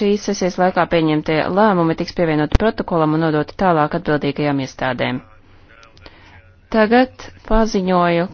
šīs sesijas laikā pieņemtie lēmumi tiks pievienoti protokolam un nodoti tālāk atbildīgajām iestādēm. Tagad paziņoju,